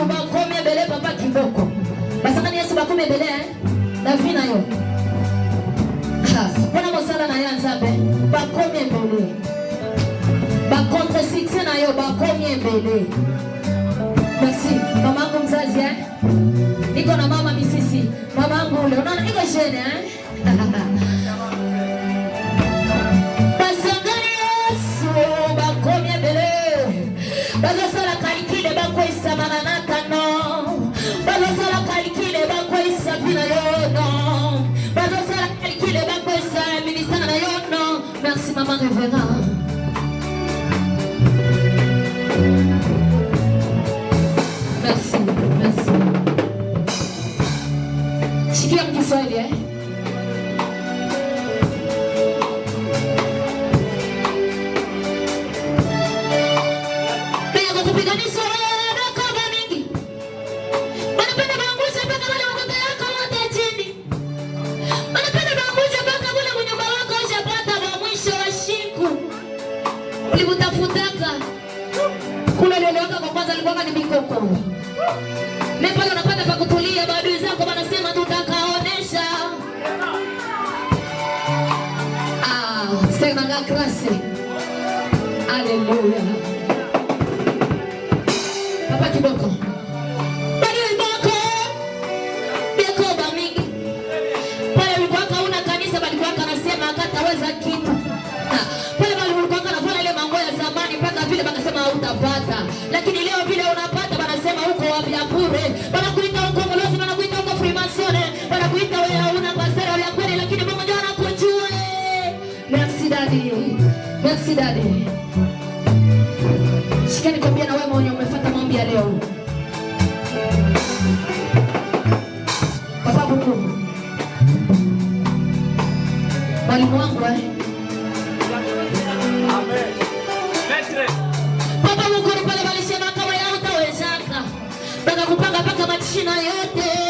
yesu eh? bakome ebele papa kiboko basangani yesu bakome ebele davi na yo mpona mosala na ye ya nzambe bakomi ebele bakontre na yo bakomi ebele merci mama angu mzazi e eh? niko na mama misisi mama angu iko jene merci maman Revenant. Merci, merci. Chiquinho, que qui ele, hein. Kule niliota kwa kwanza alikuwa ni mikoko. Mimi pale unapata pa kutulia, maadui zako wanasema tutakaonesha. Ah, sema na grasi. Haleluya. Papa kiboko. Merci Daddy. Sikia nikwambia na wewe mwenye umefuata maombi ya leo. Baba Mungu. Mwalimu wangu eh. Amen. Baba Mungu ni pale balishema kama ya utawezaka. Baka kupanga paka matishina yote.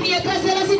mi de kazi